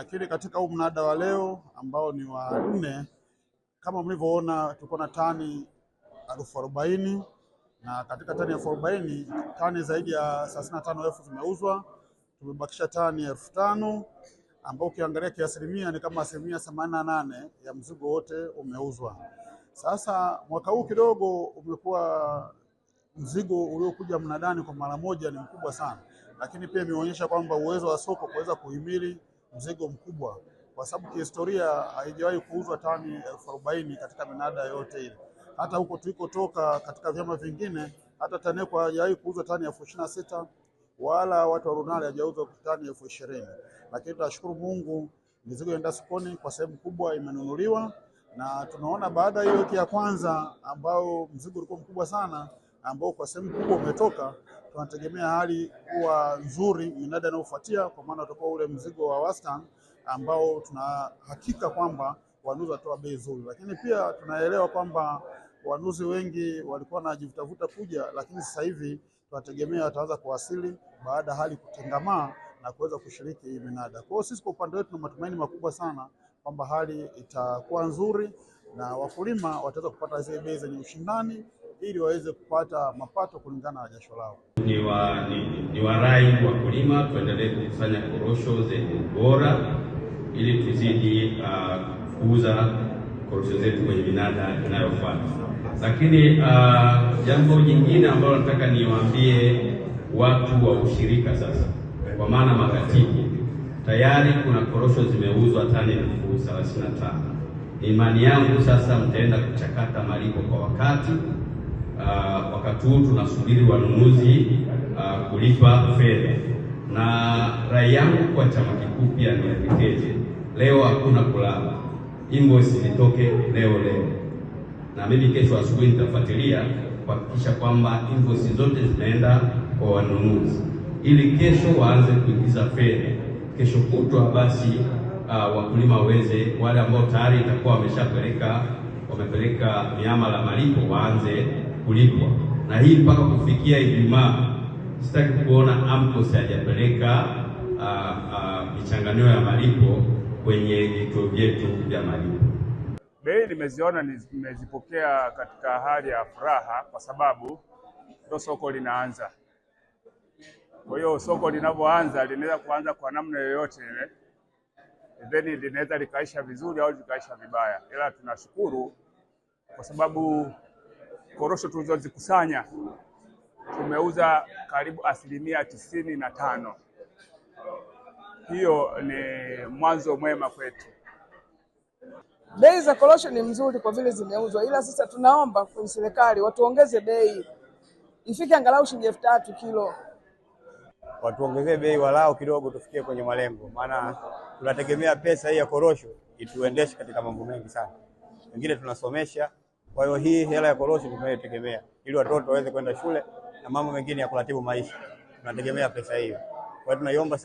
Lakini katika huu mnada wa leo ambao ni wa nne, kama mlivyoona, tuko na tani elfu arobaini na katika tani elfu arobaini tani zaidi ya thelathini na tano elfu zimeuzwa, tumebakisha tani elfu tano ambao ukiangalia kiasilimia ni kama asilimia themanini na nane ya mzigo wote umeuzwa. Sasa mwaka huu kidogo umekuwa mzigo uliokuja mnadani kwa mara moja ni mkubwa sana, lakini pia imeonyesha kwamba uwezo wa soko kuweza kuhimili mzigo mkubwa, kwa sababu kihistoria haijawahi kuuzwa tani elfu arobaini katika minada yote ile. Hata huko tulikotoka katika vyama vingine, hata TANECU haijawahi kuuzwa tani elfu ishirini na sita wala watu wa Runali hajauzwa tani elfu ishirini lakini tunashukuru Mungu, mizigo inaenda sokoni kwa sehemu kubwa imenunuliwa, na tunaona baada ya wiki ya kwanza ambayo mzigo ulikuwa mkubwa sana ambao kwa sehemu kubwa umetoka, tunategemea hali kuwa nzuri minada inayofuatia, kwa maana utakuwa ule mzigo wa wastani ambao tuna hakika kwamba wanunuzi watoa bei nzuri, lakini pia tunaelewa kwamba wanunuzi wengi walikuwa wanajivutavuta kuja, lakini sasa hivi tunategemea wataanza kuwasili baada hali kutengamaa na kuweza kushiriki hii minada. Kwa hiyo sisi kwa upande wetu tuna matumaini makubwa sana kwamba hali itakuwa nzuri na wakulima wataweza kupata zile bei zenye ushindani ili waweze kupata mapato kulingana na jasho lao. Ni, wa, ni, ni warai wakulima tuendelee kukusanya korosho zenye ubora ili tuzidi ah, kuuza uh, korosho zetu kwenye minada inayofuata. Lakini uh, jambo jingine ambalo nataka niwaambie watu wa ushirika sasa, kwa maana makatibu, tayari kuna korosho zimeuzwa tani elfu thelathini na tano. Imani yangu sasa mtaenda kuchakata malipo kwa wakati uh, wakati huu tunasubiri wanunuzi uh, kulipa fedha, na rai yangu kwa chama kikuu pia nielekeze, leo hakuna kulala, invoice litoke leo leo, na mimi kesho asubuhi nitafuatilia kuhakikisha kwamba invoice zote zinaenda kwa wanunuzi ili kesho waanze kuingiza fedha, kesho kutwa basi uh, wakulima waweze, wale ambao tayari itakuwa wameshapeleka wamepeleka miamala malipo waanze kulipwa, na hii mpaka kufikia Ijumaa sitaki kuona AMCOS hajapeleka ah, ah, michanganio ya malipo kwenye vituo vyetu vya malipo. Bei nimeziona, nimezipokea katika hali ya furaha, kwa sababu ndo soko linaanza. Kwa hiyo soko linavyoanza linaweza kuanza kwa namna yoyote ile, then linaweza likaisha vizuri au likaisha vibaya, ila tunashukuru kwa sababu korosho tulizozikusanya tumeuza karibu asilimia tisini na tano. Hiyo ni mwanzo mwema kwetu. Bei za korosho ni mzuri kwa vile zimeuzwa, ila sasa tunaomba kwa serikali watuongeze bei ifike angalau shilingi elfu tatu kilo, watuongezee bei walao kidogo tufikie kwenye malengo, maana tunategemea pesa hii ya korosho ituendeshe katika mambo mengi sana, wengine tunasomesha kwa hiyo hii hela ya korosho tunayotegemea ili watoto waweze kwenda shule na mambo mengine ya kuratibu maisha, tunategemea pesa hiyo. Kwa hiyo tunaiomba